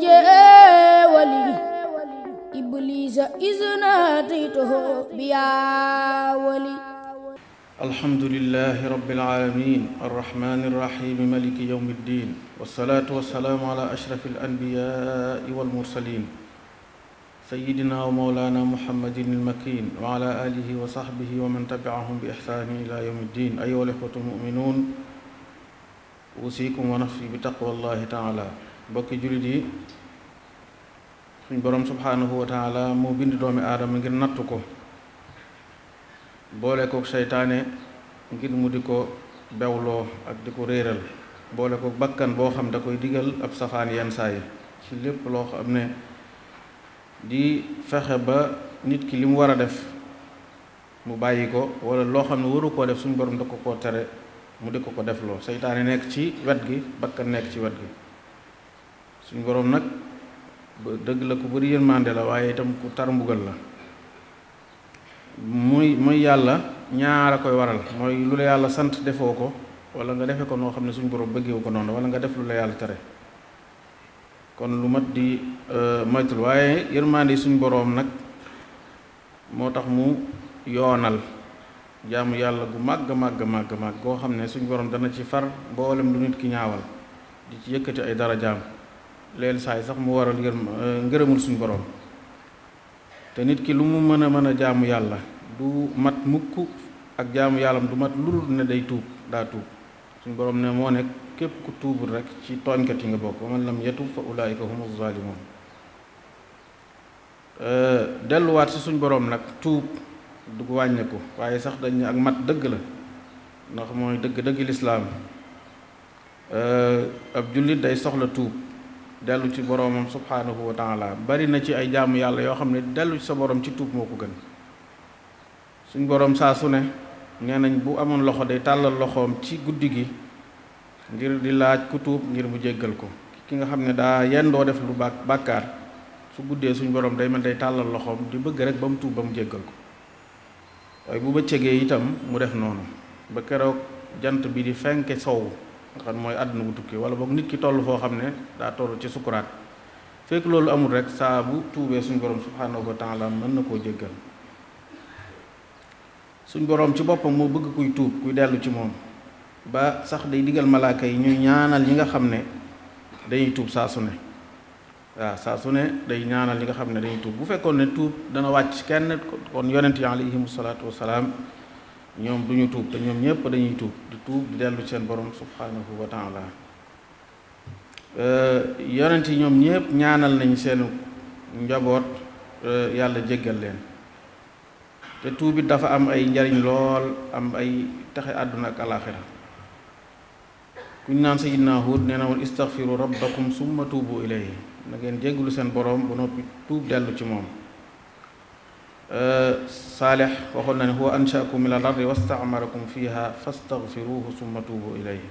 jeewali iblisa isnataytuhu biyaa wali alhamdulilahi rabbil aalamiin arrahmaani rrahiim maliki yawmi ddiin wassalaatu wassalaamu alaa ashrafi alanbiyaa'i walmursaliin sayyidinaa wa mawlaanaa muhammadin almakiin wa alaa aalihi wa sahbihi wa man tabi'ahum bi ihsaanin ilaa yawmi ddiin ayyuhal ixwatul mu'minuun uusiikum wa nafsi bi taqwa llaahi ta'aalaa bokki jullit yi suñ boroom subhaanahu wa taala moo bind doomi aadama ngir nattu ko boole kook seytaane ngir mu di ko bewloo ak di ko réeral boole kook bakkan boo xam da koy digal ab safaan yenn saa yi ci lépp loo xam ne di fexe ba nit ki li mu war a def mu bàyyi ko wala loo xam ne waru koo def suñ borom da ko koo tere mu di ko ko defloo seytaane nekk ci wet gi bakkan nekk ci wet gi suñu boroom nag ba dëgg la ko bëri yërmande la waaye itam ku tar mbugal la muy muy yàlla ñaar a koy waral mooy lu la yàlla sant defoo ko wala nga defe ko xam ne suñu boroom bëggewu ko noonu wala nga def lu la yàlla tere kon lu mat di euh, moytul waaye yërmande yi suñu boroom nag moo tax mu yoonal jaamu yàlla gu màgg màgg màgg màgg goo xam ne suñu boroom dana ci far mboolem lu nit ki ñaawal di ci yëkkati ay dara jaam leen saay sax mu waral ngërëm euh, ngërëmul suñu borom te nit ki lu mu mën a mën a jaamu yàlla du mat mukk ak jaamu yàllam du mat lu ne day tuub daa tuub suñu borom ne moo nekk képp ku tuubul rek ci tooñkat yi nga bokk wa man lam yatub fa ulaayika humu zaalimoon euh, delluwaat si suñ boroom nag tuub du wàññeeku waaye sax dañ ak mat dëgg la ndax mooy dëgg dëgg lislaam euh, ab jullit day soxla tuub dellu ci boroomam subhaanahu wa taala bari na ci ay jaamu yàlla yoo xam ne dellu ci sa borom ci tuub moo ko gën suñ borom saa su ne nee nañ bu amoon loxo day tàllal loxoom ci guddi gi ngir di laaj ku tuub ngir mu jéggal ko ki nga xam ne daa doo def lu bàkk bàkkaar su guddee suñu borom day mel day tàllal loxoom di bëgg rek ba mu tuub ba mu jéggal ko waaye bu bëccëgee itam mu def noonu ba keroog jant bi di fenke soow nga xam mooy àdduna bu tukki wala boog nit ki toll foo xam ne daa toll ci sukuraat fekk loolu amul rek saabu bu tuubee suñ borom subhaanahu wa taala mën na koo jéggal suñ boroom ci boppam moo bëgg kuy tuub kuy dellu ci moom ba sax day digal malaaka yi ñuy ñaanal ñi nga xam ne dañuy tuub saa su ne waaw saa su ne day ñaanal yi nga xam ne dañuy tuub bu fekkoon ne tuub dana wàcc kenn kon yonent yi alayhimu salaatu wasalaam ñoom du ñu tuub te ñoom ñëpp dañuy tuub tuub di dellu seen borom subhanahu wa taala euh, yonent yi ñoom ñëpp ñaanal nañ seenu njaboot euh, yàlla jéggal leen te tuub it dafa am ay njariñ lool am ay texe àdduna ak alaxira kuñ naan sayyidna Huud nee na woon istaghfiru rabbakum summa tuubu ilayhi na ngeen jéggalu seen borom ba noppi tuub dellu ci moom saalix waxoon na ne huwa anshaakum min al ardi wastaamarakum fiha fastaxfiruhu summa tuubu ilayhi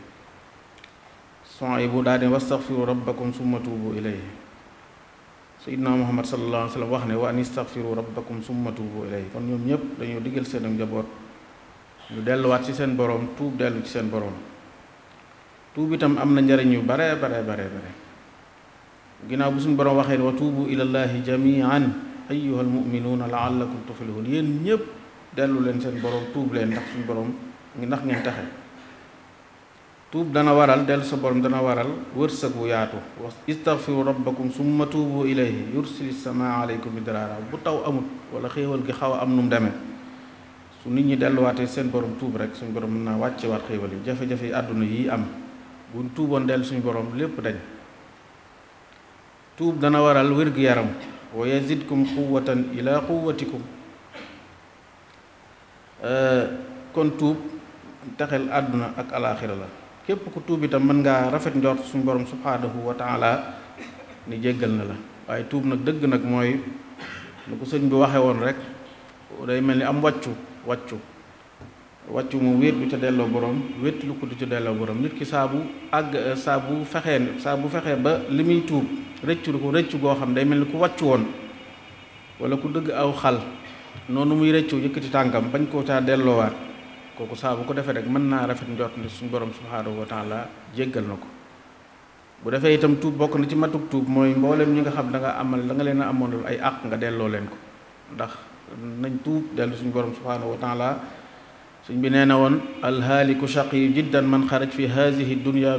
bu daal di wastaxfiru rabbakum summa tuubu ilayhi sayidna muhammad sallallahu alayhi wa sallam wax ne wa an istaxfiru rabbakum summa tuubu ilayhi kon ñoom ñëpp dañoo diggal seen ak njaboot ñu delluwaat ci seen boroom tuub dellu ci seen boroom tuub itam am na njariñ yu bare bare bare ginnaaw bu suñu boroom waxee wa tuubu ilallahi jamian ayyuhal mu'minuuna la'allakum tuflihun yéen ñëpp dellu leen seen boroom tuub leen ndax suñu borom ndax ngeen taxe tuub dana waral dellu sa borom dana waral wërsëg bu yaatu wa istaghfiru rabbakum summa tuubu ilayhi yursili samaa aleykum midraara bu taw amut wala xéewal gi xaw a am nu mu demee su nit ñi delluwaatee seen borom tuub rek suñu borom mën naa wàccewaat xéewal yi jafe-jafe yi àdduna yi am bu tuuboon dellu suñu boroom lépp dañ tuub dana waral wér-gu-yaram wa yazidkum quwatan ila quwatikum euh, kon tuub texel àdduna ak alaaxira la képp ku tuub itam mën ngaa rafet njoot suñu borom subhaanahu wa taala ni jéggal na la waaye tuub nag dëgg nag mooy nu ko sëñ bi waxe woon rek day mel ni am wàccu wàccu wàccu mu wéet du ca delloo borom wéet ko du ca delloo borom nit ki saa bu àgg saa bu fexee saa bu fexee ba li muy tuub rëccul ko rëccu goo xam day mel ni ku wàccu woon wala ku dëgg aw xal noonu muy rëccu yëkkati tànkam bañ koo caa delloowaat kooku saa bu ko defee rek mën naa rafet njort ni suñu borom subhaanahu wa taala jéggal na ko bu defee itam tuub bokk na ci matuk tuub mooy mboolem ñi nga xam danga amal da nga leen a amoonal ay àq nga delloo leen ko ndax nañ tuub dellu suñu borom subhaanahu wa taala suñ bi nee na woon alhaaliku shaqiyu jiddan man xaraj fi haadihi dunya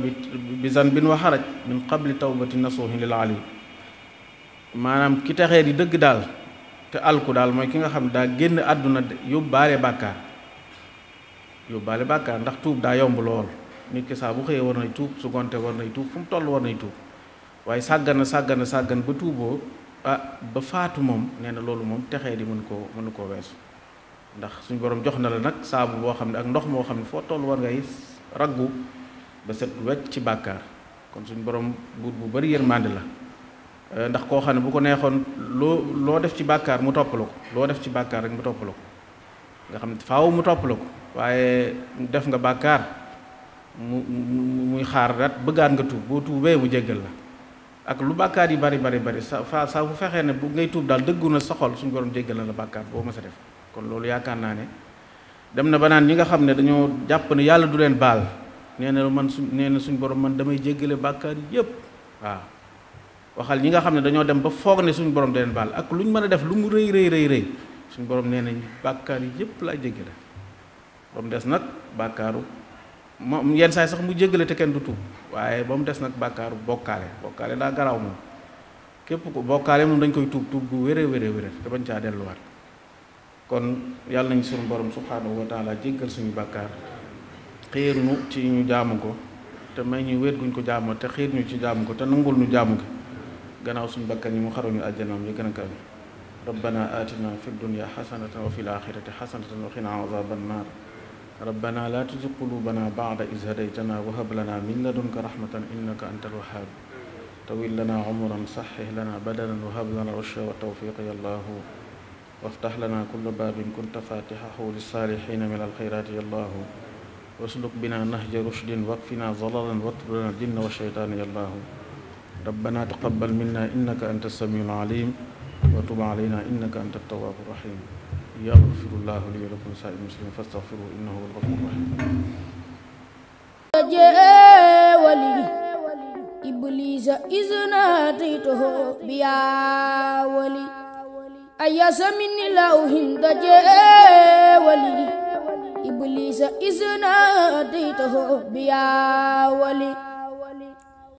bi zanbin wa xaraj min qabli tawbati nasuhi lil ali maanaam ki taxee di dëgg daal te alku daal mooy ki nga xam daa génn àdduna yóbbaale bàkkaar yóbbaale bàkkaar ndax tuub daa yomb lool nit ki saa bu xëyee war nay tuub su gonte war nay tuub fu mu toll war nay tuub waaye sàggana sàggana sàggan ba tuuboo ah ba faatu moom nee na loolu moom texee di mën koo mënu koo weesu ndax suñu borom jox na la nag saabu boo xam ne ak ndox moo xam ne foo toll war ngay raggu ba set wecc ci bàkkaar kon suñu borom buur bu bari yërmande la euh, ndax koo xam ne bu ko neexoon loo loo def ci bàkkaar mu topp la ko loo def ci bàkkaar rek mu topp ko nga xam ne faaw mu topp la ko waaye def nga bàkkaar mu muy xaar rat bëggaat nga tuub boo tuubee mu jéggal la ak lu bàkkaar yi bari bari bari sa fa saa bu fexee ne bu ngay tuub daal dëggu na soxol suñu borom jéggal na la bàkkaar boo ma def kon loolu yaakaar naa ne dem na ba naan ñi nga xam ne dañoo jàpp ne yàlla du leen baal nee na man suñ nee na suñ borom man damay jéggale bàkkaar yépp waaw waxal ñi nga xam ne dañoo dem ba foog ne suñ borom du leen baal ak lu ñu mën a def lu mu rëy rëy rëy rëy suñ borom nee nañ bàkkaar yépp laa jéggale ba mu des nag bàkkaaru moom yenn saay sax mu jéggale te kenn du tuub waaye ba mu des nag bàkkaaru bokkaale bokkaale daa garaaw moom képp ku bokkaale moom dañ koy tuub tuub bu wéré wéré bañ caa delluwaat kon yàlla nañ sunu borom subhaanahu wa taala jéggal suñu bàkkaar xiir nu ci ñu jaamu ko te may ñu wéet guñ ko jaamu te xiir ñu ci jaamu ko te nangul ñu jaamu ko gannaaw suñu bakkan yi mu xaruñu àjjanaam yi gën a kaw rabbana atina fi dunya xasanatan wa fi ba axirati xasanatan wa qina azaban naar rabbana la tuzig qulubana baada is hadaytana wa hab lana min ladunka rahmatan innaka anta alwahab tawil lana umran saxix lana badanan wa hab lana rushda wa tawfiq ya allahu وافتح لنا كل باب كنت فاتحه للصالحين من الخيرات يا الله واسلك بنا نهج رشد واكفنا ضللا واطردنا الجن والشيطان يا الله ربنا تقبل منا انك انت السميع العليم وتب علينا انك انت التواب الرحيم يغفر الله لي ولكم سائر المسلمين فاستغفروه انه هو الغفور الرحيم ولي إبليس إذ ناديته بيا ولي أياس من لوهم دجا ولي إبليس إذ ناديته بيا ولي